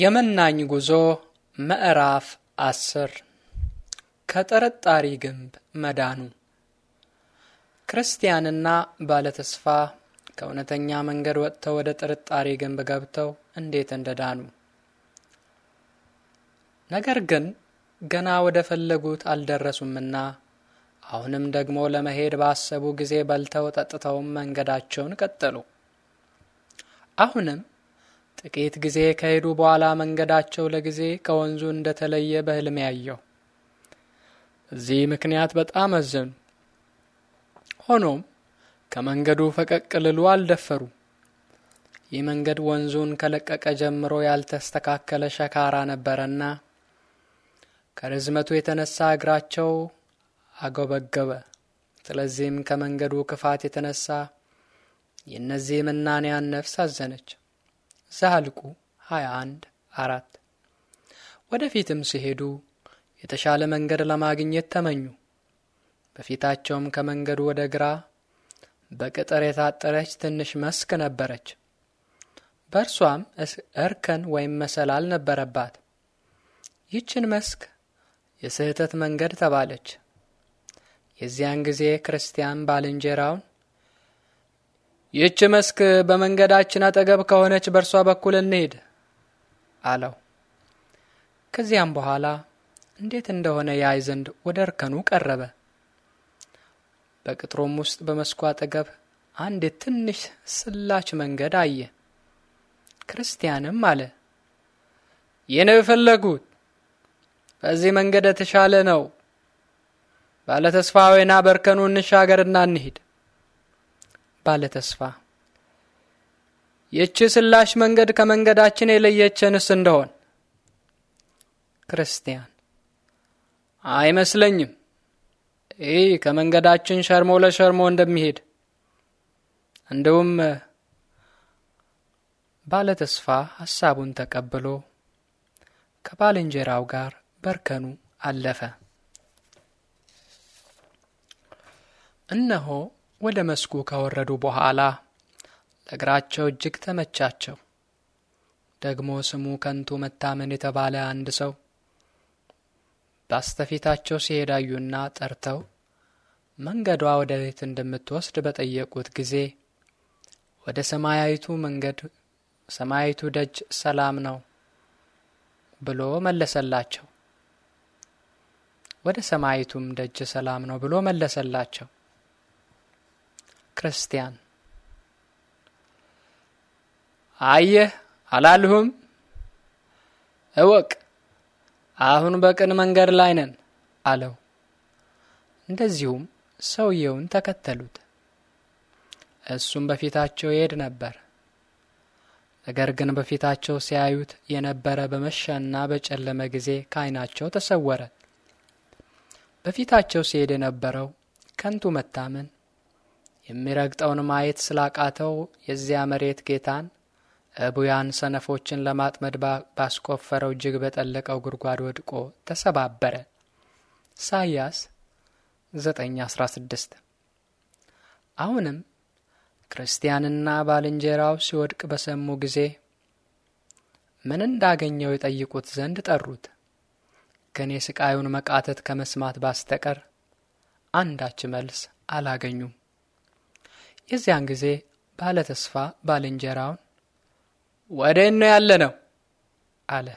የመናኝ ጉዞ ምዕራፍ አስር ከጥርጣሪ ግንብ መዳኑ። ክርስቲያንና ባለተስፋ ከእውነተኛ መንገድ ወጥተው ወደ ጥርጣሪ ግንብ ገብተው እንዴት እንደዳኑ። ነገር ግን ገና ወደ ፈለጉት አልደረሱምና አሁንም ደግሞ ለመሄድ ባሰቡ ጊዜ በልተው ጠጥተውም መንገዳቸውን ቀጠሉ። አሁንም ጥቂት ጊዜ ከሄዱ በኋላ መንገዳቸው ለጊዜ ከወንዙ እንደተለየ በሕልም ያየው። እዚህ ምክንያት በጣም አዘኑ። ሆኖም ከመንገዱ ፈቀቅ ልሉ አልደፈሩ። ይህ መንገድ ወንዙን ከለቀቀ ጀምሮ ያልተስተካከለ ሸካራ ነበረና ከርዝመቱ የተነሳ እግራቸው አጎበገበ። ስለዚህም ከመንገዱ ክፋት የተነሳ የእነዚህ ምናንያን ነፍስ አዘነች። ዘኍልቍ 21 አራት ወደፊትም ሲሄዱ የተሻለ መንገድ ለማግኘት ተመኙ። በፊታቸውም ከመንገዱ ወደ ግራ በቅጥር የታጠረች ትንሽ መስክ ነበረች። በእርሷም እርከን ወይም መሰላል ነበረባት። ይችን መስክ የስህተት መንገድ ተባለች። የዚያን ጊዜ ክርስቲያን ባልንጀራውን ይህች መስክ በመንገዳችን አጠገብ ከሆነች በእርሷ በኩል እንሄድ አለው። ከዚያም በኋላ እንዴት እንደሆነ ያይ ዘንድ ወደ እርከኑ ቀረበ። በቅጥሮም ውስጥ በመስኩ አጠገብ አንድ ትንሽ ስላች መንገድ አየ። ክርስቲያንም አለ፣ ይህን የፈለጉት በዚህ መንገድ የተሻለ ነው። ባለተስፋ ወይና በእርከኑ እንሻገርና እንሂድ። ባለ ተስፋ ይህች ስላሽ መንገድ ከመንገዳችን የለየችንስ እንደሆን ክርስቲያን አይመስለኝም። ይህ ከመንገዳችን ሸርሞ ለሸርሞ እንደሚሄድ እንደውም ባለ ተስፋ ሀሳቡን ተቀብሎ ከባልንጀራው ጋር በርከኑ አለፈ። እነሆ ወደ መስኩ ከወረዱ በኋላ ለእግራቸው እጅግ ተመቻቸው። ደግሞ ስሙ ከንቱ መታመን የተባለ አንድ ሰው ባስተፊታቸው ሲሄዳዩና ጠርተው መንገዷ ወደ ቤት እንደምትወስድ በጠየቁት ጊዜ ወደ ሰማያዊቱ መንገድ ሰማያዊቱ ደጅ ሰላም ነው ብሎ መለሰላቸው። ወደ ሰማያዊቱም ደጅ ሰላም ነው ብሎ መለሰላቸው። ክርስቲያን አየህ አላልሁም? እወቅ አሁን በቅን መንገድ ላይ ነን አለው። እንደዚሁም ሰውየውን ተከተሉት። እሱም በፊታቸው ይሄድ ነበር። ነገር ግን በፊታቸው ሲያዩት የነበረ በመሸና በጨለመ ጊዜ ከዓይናቸው ተሰወረ። በፊታቸው ሲሄድ የነበረው ከንቱ መታመን የሚረግጠውን ማየት ስላቃተው የዚያ መሬት ጌታን እቡያን ሰነፎችን ለማጥመድ ባስቆፈረው እጅግ በጠለቀው ጉድጓድ ወድቆ ተሰባበረ። ኢሳይያስ 9:16 አሁንም ክርስቲያንና ባልንጀራው ሲወድቅ በሰሙ ጊዜ ምን እንዳገኘው የጠይቁት ዘንድ ጠሩት። ግን የስቃዩን መቃተት ከመስማት ባስተቀር አንዳች መልስ አላገኙም። የዚያን ጊዜ ባለ ተስፋ ባልንጀራውን ወዴት ነው ያለነው አለ።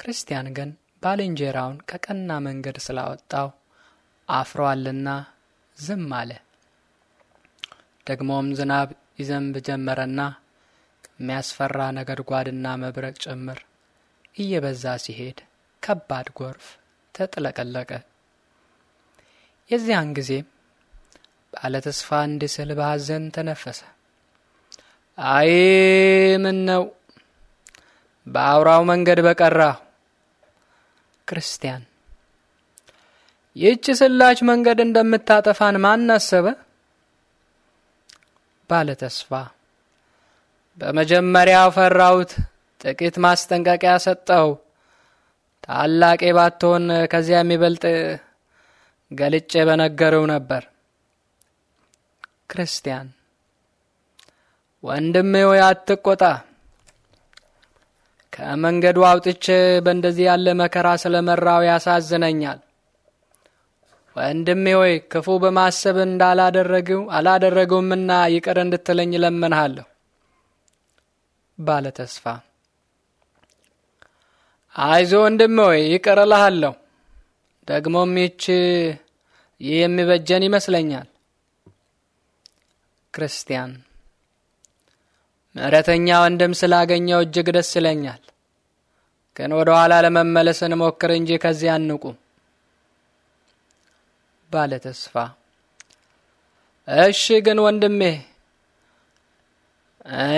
ክርስቲያን ግን ባልንጀራውን ከቀና መንገድ ስላወጣው አፍሯልና ዝም አለ። ደግሞም ዝናብ ይዘንብ ጀመረና የሚያስፈራ ነጎድጓድና መብረቅ ጭምር እየበዛ ሲሄድ ከባድ ጎርፍ ተጥለቀለቀ። የዚያን ጊዜም ባለተስፋ እንደ ስል በሐዘን ተነፈሰ። አይ ምን ነው በአውራው መንገድ በቀራሁ። ክርስቲያን ይህች ስላች መንገድ እንደምታጠፋን ማን አሰበ? ባለተስፋ በመጀመሪያው ፈራሁት፣ ጥቂት ማስጠንቀቂያ ሰጠው። ታላቄ ባትሆን ከዚያ የሚበልጥ ገልጬ በነገረው ነበር። ክርስቲያን ወንድሜ ሆይ አትቆጣ። ከመንገዱ አውጥቼ በእንደዚህ ያለ መከራ ስለ መራው ያሳዝነኛል። ወንድሜ ሆይ ክፉ በማሰብ እንዳላደረግው አላደረገውምና ይቅር እንድትለኝ ለምንሃለሁ። ባለ ተስፋ አይዞ ወንድሜ ሆይ ይቅር እልሃለሁ። ደግሞም ይቺ ይህ የሚበጀን ይመስለኛል። ክርስቲያን ምዕረተኛ ወንድም ስላገኘው እጅግ ደስ ይለኛል። ግን ወደ ኋላ ለመመለስ እንሞክር እንጂ ከዚህ አንቁ። ባለ ተስፋ እሺ፣ ግን ወንድሜ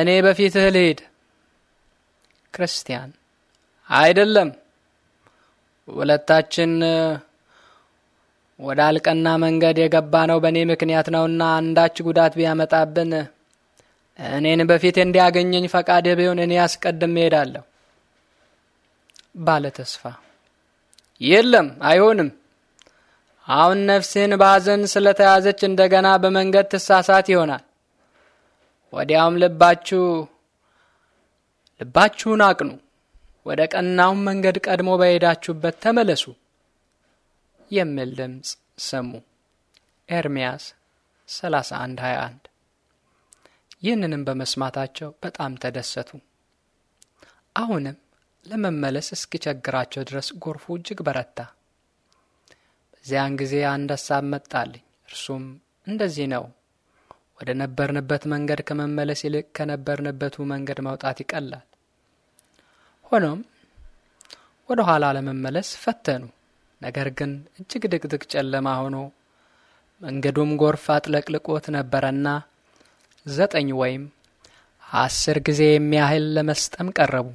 እኔ በፊትህ ልሂድ። ክርስቲያን አይደለም ሁለታችን ወደ አልቀና መንገድ የገባ ነው በእኔ ምክንያት ነውና አንዳች ጉዳት ቢያመጣብን እኔን በፊት እንዲያገኘኝ ፈቃድ ቢሆን እኔ ያስቀድም እሄዳለሁ። ባለ ተስፋ የለም አይሆንም። አሁን ነፍስህን በሐዘን ስለተያዘች እንደገና በመንገድ ትሳሳት ይሆናል። ወዲያውም ልባችሁ ልባችሁን አቅኑ፣ ወደ ቀናውን መንገድ ቀድሞ በሄዳችሁበት ተመለሱ። የሚል ድምፅ ሰሙ። ኤርምያስ 31 21 ይህንንም በመስማታቸው በጣም ተደሰቱ። አሁንም ለመመለስ እስኪቸግራቸው ድረስ ጎርፉ እጅግ በረታ። በዚያን ጊዜ አንድ ሀሳብ መጣልኝ። እርሱም እንደዚህ ነው፣ ወደ ነበርንበት መንገድ ከመመለስ ይልቅ ከነበርንበቱ መንገድ መውጣት ይቀላል። ሆኖም ወደ ኋላ ለመመለስ ፈተኑ። ነገር ግን እጅግ ድቅድቅ ጨለማ ሆኖ መንገዱም ጎርፍ አጥለቅልቆት ነበረና ዘጠኝ ወይም አስር ጊዜ የሚያህል ለመስጠም ቀረቡ።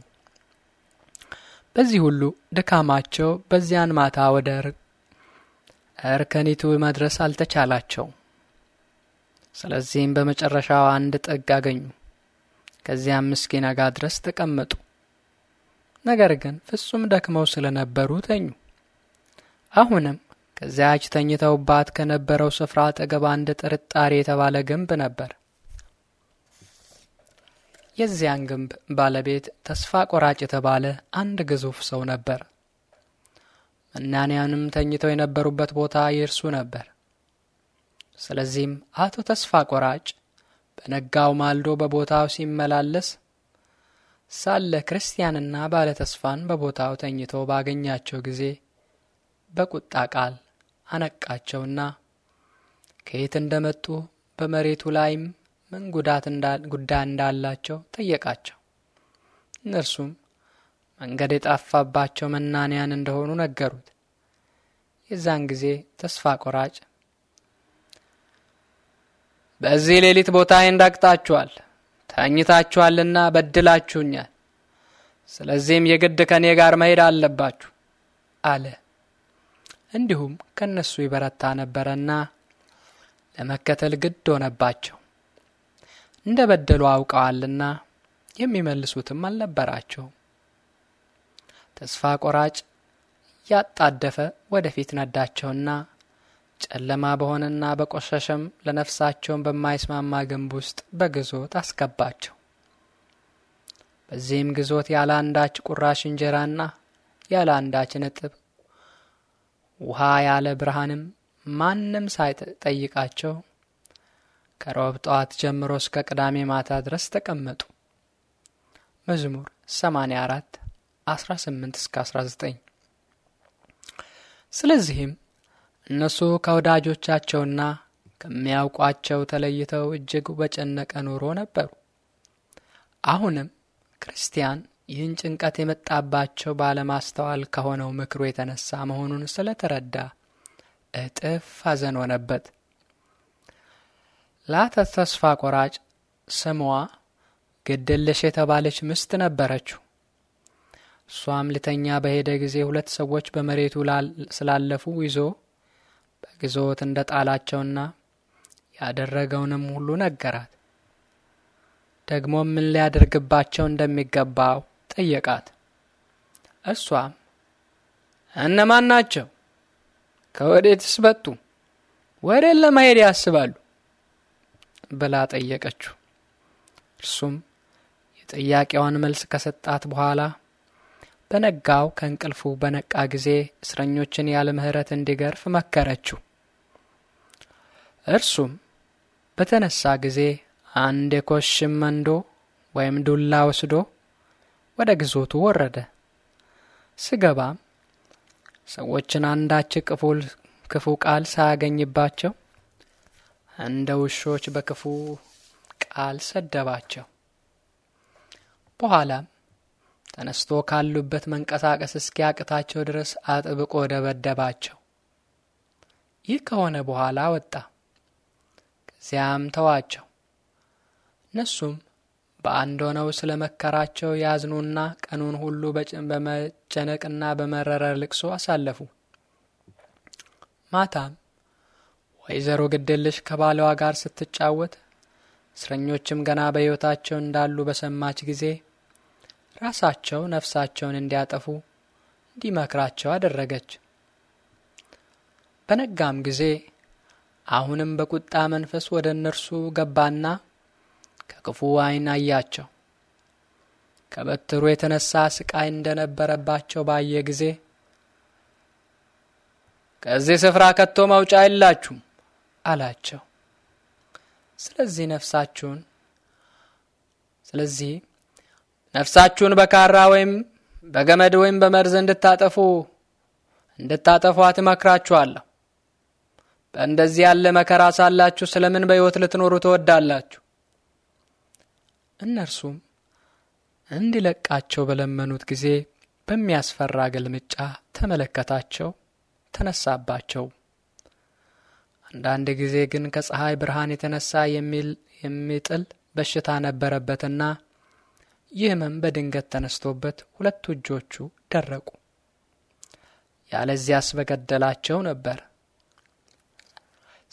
በዚህ ሁሉ ድካማቸው በዚያን ማታ ወደ እርከኒቱ መድረስ አልተቻላቸው። ስለዚህም በመጨረሻው አንድ ጥግ አገኙ። ከዚያም እስኪነጋ ድረስ ተቀመጡ። ነገር ግን ፍጹም ደክመው ስለነበሩ ተኙ። አሁንም ከዚያች ተኝተውባት ከነበረው ስፍራ አጠገብ አንድ ጥርጣሬ የተባለ ግንብ ነበር። የዚያን ግንብ ባለቤት ተስፋ ቆራጭ የተባለ አንድ ግዙፍ ሰው ነበር። መናንያንም ተኝተው የነበሩበት ቦታ የእርሱ ነበር። ስለዚህም አቶ ተስፋ ቆራጭ በነጋው ማልዶ በቦታው ሲመላለስ ሳለ ክርስቲያንና ባለ ተስፋን በቦታው ተኝቶ ባገኛቸው ጊዜ በቁጣ ቃል አነቃቸውና ከየት እንደመጡ በመሬቱ ላይም ምን ጉዳት ጉዳይ እንዳላቸው ጠየቃቸው። እነርሱም መንገድ የጣፋባቸው መናንያን እንደሆኑ ነገሩት። የዛን ጊዜ ተስፋ ቆራጭ በዚህ ሌሊት ቦታዬን እንዳቅጣችኋል ተኝታችኋልና በድላችሁኛል። ስለዚህም የግድ ከእኔ ጋር መሄድ አለባችሁ አለ። እንዲሁም ከእነሱ ይበረታ ነበረና ለመከተል ግድ ሆነባቸው። እንደ በደሉ አውቀዋልና የሚመልሱትም አልነበራቸው። ተስፋ ቆራጭ ያጣደፈ ወደፊት ነዳቸውና ጨለማ በሆነና በቆሸሸም ለነፍሳቸውን በማይስማማ ግንብ ውስጥ በግዞት አስገባቸው። በዚህም ግዞት ያለ አንዳች ቁራሽ እንጀራና ያለ አንዳች ንጥብ ውሃ ያለ ብርሃንም ማንም ሳይጠይቃቸው ከሮብ ጠዋት ጀምሮ እስከ ቅዳሜ ማታ ድረስ ተቀመጡ። መዝሙር 84 18 እስከ 19። ስለዚህም እነሱ ከወዳጆቻቸውና ከሚያውቋቸው ተለይተው እጅግ በጨነቀ ኑሮ ነበሩ። አሁንም ክርስቲያን ይህን ጭንቀት የመጣባቸው ባለማስተዋል ከሆነው ምክሩ የተነሳ መሆኑን ስለተረዳ እጥፍ ሐዘን ሆነበት። ላተ ተስፋ ቆራጭ ስሟ ግድልሽ የተባለች ምስት ነበረችው። እሷም ልተኛ በሄደ ጊዜ ሁለት ሰዎች በመሬቱ ስላለፉ ይዞ በግዞት እንደ ጣላቸውና ያደረገውንም ሁሉ ነገራት። ደግሞ ምን ሊያደርግባቸው እንደሚገባው ጠየቃት። እርሷም እነማን ናቸው? ከወዴትስ መጡ? ወዴት ለመሄድ ያስባሉ? ብላ ጠየቀችው። እርሱም የጥያቄዋን መልስ ከሰጣት በኋላ በነጋው ከእንቅልፉ በነቃ ጊዜ እስረኞችን ያለ ምሕረት እንዲገርፍ መከረችው። እርሱም በተነሳ ጊዜ አንድ የኮሽም መንዶ ወይም ዱላ ወስዶ ወደ ግዞቱ ወረደ። ስገባም ሰዎችን አንዳች ክፉ ቃል ሳያገኝባቸው እንደ ውሾች በክፉ ቃል ሰደባቸው። በኋላም ተነስቶ ካሉበት መንቀሳቀስ እስኪያቅታቸው ድረስ አጥብቆ ደበደባቸው። ይህ ከሆነ በኋላ ወጣ፣ ከዚያም ተዋቸው። እነሱም በአንድ ሆነው ስለ መከራቸው ያዝኑና ቀኑን ሁሉ በመጨነቅና በመረረ ልቅሶ አሳለፉ። ማታም ወይዘሮ ግድልሽ ከባለዋ ጋር ስትጫወት እስረኞችም ገና በሕይወታቸው እንዳሉ በሰማች ጊዜ ራሳቸው ነፍሳቸውን እንዲያጠፉ እንዲመክራቸው አደረገች። በነጋም ጊዜ አሁንም በቁጣ መንፈስ ወደ እነርሱ ገባና ከክፉ ዓይን አያቸው። ከበትሩ የተነሳ ስቃይ እንደነበረባቸው ባየ ጊዜ ከዚህ ስፍራ ከቶ መውጫ የላችሁም አላቸው። ስለዚህ ነፍሳችሁን ስለዚህ ነፍሳችሁን በካራ ወይም በገመድ ወይም በመርዝ እንድታጠፉ እንድታጠፏት እመክራችኋለሁ። በእንደዚህ ያለ መከራ ሳላችሁ ስለምን በሕይወት ልትኖሩ ትወዳላችሁ? እነርሱም እንዲለቃቸው በለመኑት ጊዜ በሚያስፈራ ገልምጫ ተመለከታቸው፣ ተነሳባቸው። አንዳንድ ጊዜ ግን ከፀሐይ ብርሃን የተነሳ የሚጥል በሽታ ነበረበትና ይህምም በድንገት ተነስቶበት ሁለቱ እጆቹ ደረቁ። ያለዚያስ በገደላቸው ነበር።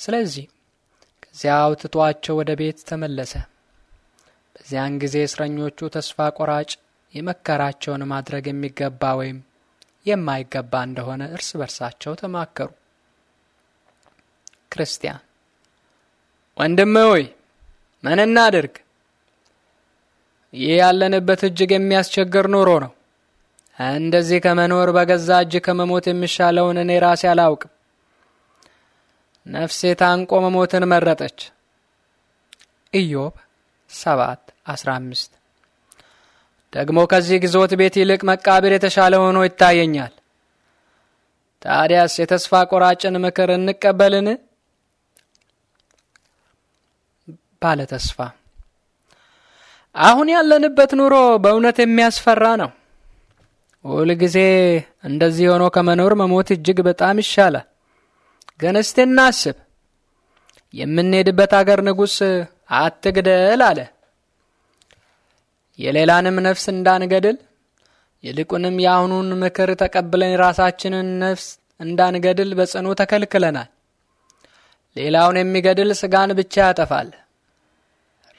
ስለዚህ ከዚያ አውጥቷቸው ወደ ቤት ተመለሰ። እዚያን ጊዜ እስረኞቹ ተስፋ ቆራጭ የመከራቸውን ማድረግ የሚገባ ወይም የማይገባ እንደሆነ እርስ በርሳቸው ተማከሩ። ክርስቲያን ወንድም ሆይ ምን እናድርግ? ይህ ያለንበት እጅግ የሚያስቸግር ኑሮ ነው። እንደዚህ ከመኖር በገዛ እጅ ከመሞት የሚሻለውን እኔ ራሴ አላውቅም። ነፍሴ ታንቆ መሞትን መረጠች። ኢዮብ ሰባት አስራ አምስት ደግሞ ከዚህ ግዞት ቤት ይልቅ መቃብር የተሻለ ሆኖ ይታየኛል። ታዲያስ የተስፋ ቆራጭን ምክር እንቀበልን? ባለ ተስፋ አሁን ያለንበት ኑሮ በእውነት የሚያስፈራ ነው። ሁል ጊዜ እንደዚህ ሆኖ ከመኖር መሞት እጅግ በጣም ይሻላል። ግን እስቲ እናስብ የምንሄድበት አገር ንጉሥ አትግደል አለ። የሌላንም ነፍስ እንዳንገድል ይልቁንም የአሁኑን ምክር ተቀብለን የራሳችንን ነፍስ እንዳንገድል በጽኑ ተከልክለናል። ሌላውን የሚገድል ስጋን ብቻ ያጠፋል።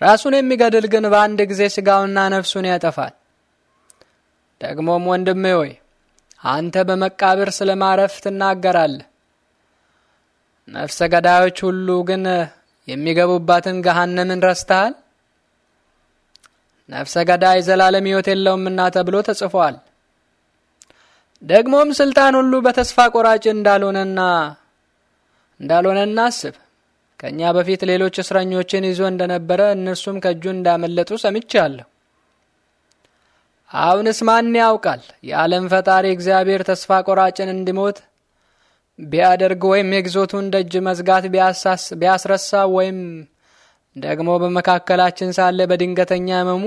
ራሱን የሚገድል ግን በአንድ ጊዜ ስጋውና ነፍሱን ያጠፋል። ደግሞም ወንድሜ ሆይ አንተ በመቃብር ስለ ማረፍ ትናገራለህ። ነፍሰ ገዳዮች ሁሉ ግን የሚገቡባትን ገሃነምን ረስተሃል። ነፍሰ ገዳይ ዘላለም ሕይወት የለውምና ተብሎ ተጽፏል። ደግሞም ስልጣን ሁሉ በተስፋ ቆራጭ እንዳልሆነና እንዳልሆነ እናስብ። ከእኛ በፊት ሌሎች እስረኞችን ይዞ እንደነበረ እነርሱም ከእጁ እንዳመለጡ ሰምቻለሁ። አሁንስ ማን ያውቃል? የዓለም ፈጣሪ እግዚአብሔር ተስፋ ቆራጭን እንዲሞት ቢያደርግ ወይም የግዞቱን ደጅ መዝጋት ቢያስረሳ ወይም ደግሞ በመካከላችን ሳለ በድንገተኛ ህመሙ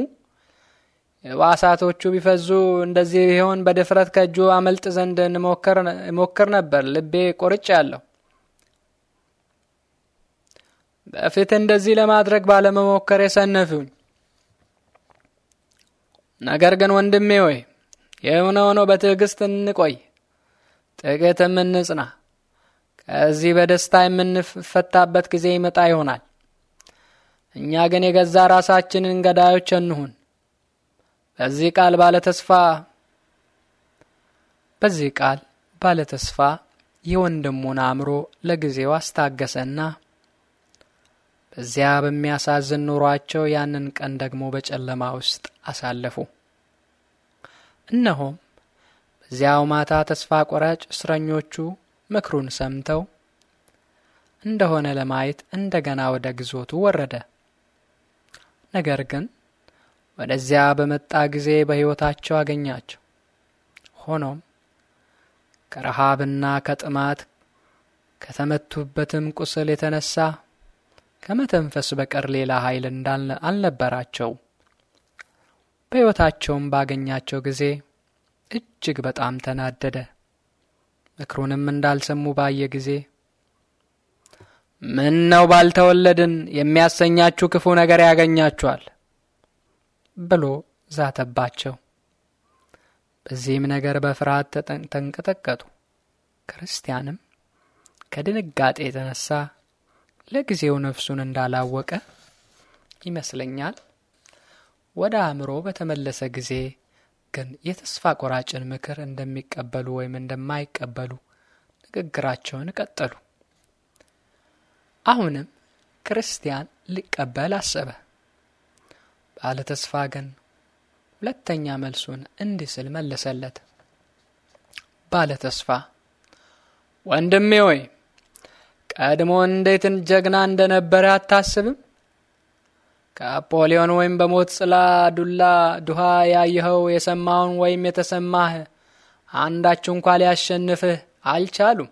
የባሳቶቹ ቢፈዙ እንደዚህ ቢሆን በድፍረት ከእጁ አመልጥ ዘንድ እሞክር ነበር። ልቤ ቆርጭ ያለው በፊት እንደዚህ ለማድረግ ባለመሞከር የሰነፊውኝ። ነገር ግን ወንድሜ ወይ የሆነ ሆኖ በትዕግስት እንቆይ። ጥቂት ምንጽና ከዚህ በደስታ የምንፈታበት ጊዜ ይመጣ ይሆናል። እኛ ግን የገዛ ራሳችንን ገዳዮች እንሁን። በዚህ ቃል ባለ ተስፋ በዚህ ቃል ባለ ተስፋ የወንድሙን አእምሮ ለጊዜው አስታገሰና በዚያ በሚያሳዝን ኑሯቸው ያንን ቀን ደግሞ በጨለማ ውስጥ አሳለፉ። እነሆም በዚያው ማታ ተስፋ ቆራጭ እስረኞቹ ምክሩን ሰምተው እንደሆነ ለማየት እንደገና ወደ ግዞቱ ወረደ። ነገር ግን ወደዚያ በመጣ ጊዜ በሕይወታቸው አገኛቸው። ሆኖም ከረሃብና ከጥማት ከተመቱበትም ቁስል የተነሳ ከመተንፈስ በቀር ሌላ ኃይል አልነበራቸው። በሕይወታቸውም ባገኛቸው ጊዜ እጅግ በጣም ተናደደ። ምክሩንም እንዳልሰሙ ባየ ጊዜ ምን ነው ባልተወለድን የሚያሰኛችሁ ክፉ ነገር ያገኛችኋል ብሎ ዛተባቸው። በዚህም ነገር በፍርሃት ተንቀጠቀጡ። ክርስቲያንም ከድንጋጤ የተነሳ ለጊዜው ነፍሱን እንዳላወቀ ይመስለኛል። ወደ አእምሮ በተመለሰ ጊዜ ግን የተስፋ ቆራጭን ምክር እንደሚቀበሉ ወይም እንደማይቀበሉ ንግግራቸውን ቀጠሉ። አሁንም ክርስቲያን ሊቀበል አሰበ። ባለ ተስፋ ግን ሁለተኛ መልሱን እንዲህ ስል መለሰለት። ባለ ተስፋ ወንድሜ ወይ ቀድሞ እንዴትን ጀግና እንደነበረ አታስብም? ከአፖሊዮን ወይም በሞት ጽላ ዱላ ዱሃ ያየኸው የሰማውን ወይም የተሰማህ አንዳችሁ እንኳ ሊያሸንፍህ አልቻሉም።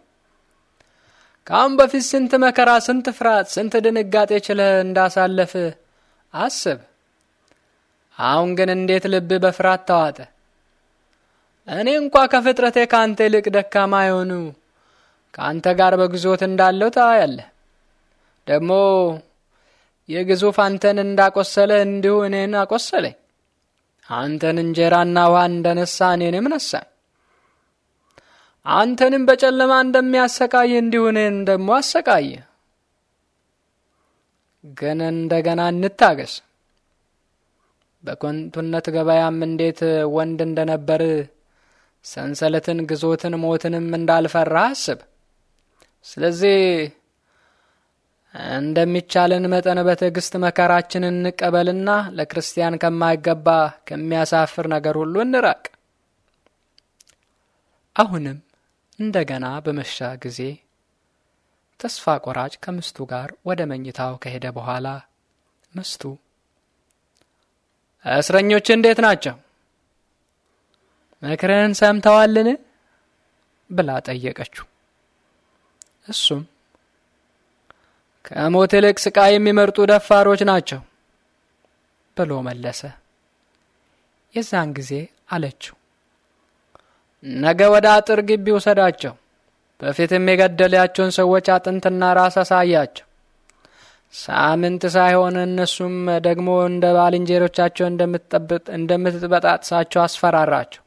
ከአሁን በፊት ስንት መከራ፣ ስንት ፍርሃት፣ ስንት ድንጋጤ ችለህ እንዳሳለፍህ አስብ። አሁን ግን እንዴት ልብ በፍርሃት ተዋጠ? እኔ እንኳ ከፍጥረቴ ከአንተ ይልቅ ደካማ የሆኑ ከአንተ ጋር በግዞት እንዳለው ታያለህ ደግሞ የግዙፍ አንተን እንዳቆሰለ እንዲሁ እኔን አቆሰለኝ። አንተን እንጀራና ውሃ እንደነሳ እኔንም ነሳኝ። አንተንም በጨለማ እንደሚያሰቃይ እንዲሁ እኔን ደግሞ አሰቃየ። ግን እንደገና እንታገስ። በኮንቱነት ገበያም እንዴት ወንድ እንደነበር ሰንሰለትን፣ ግዞትን፣ ሞትንም እንዳልፈራ አስብ። ስለዚህ እንደሚቻለን መጠን በትዕግስት መከራችንን እንቀበልና ለክርስቲያን ከማይገባ ከሚያሳፍር ነገር ሁሉ እንራቅ። አሁንም እንደገና በመሻ ጊዜ ተስፋ ቆራጭ ከምስቱ ጋር ወደ መኝታው ከሄደ በኋላ ምስቱ እስረኞች እንዴት ናቸው? ምክርህን ሰምተዋልን? ብላ ጠየቀችው። እሱም ከሞት ይልቅ ስቃይ የሚመርጡ ደፋሮች ናቸው ብሎ መለሰ። የዛን ጊዜ አለችው፣ ነገ ወደ አጥር ግቢ ውሰዳቸው። በፊትም የገደላቸውን ሰዎች አጥንትና ራስ አሳያቸው። ሳምንት ሳይሆን እነሱም ደግሞ እንደ ባልንጀሮቻቸው እንደምትበጣጥሳቸው አስፈራራቸው።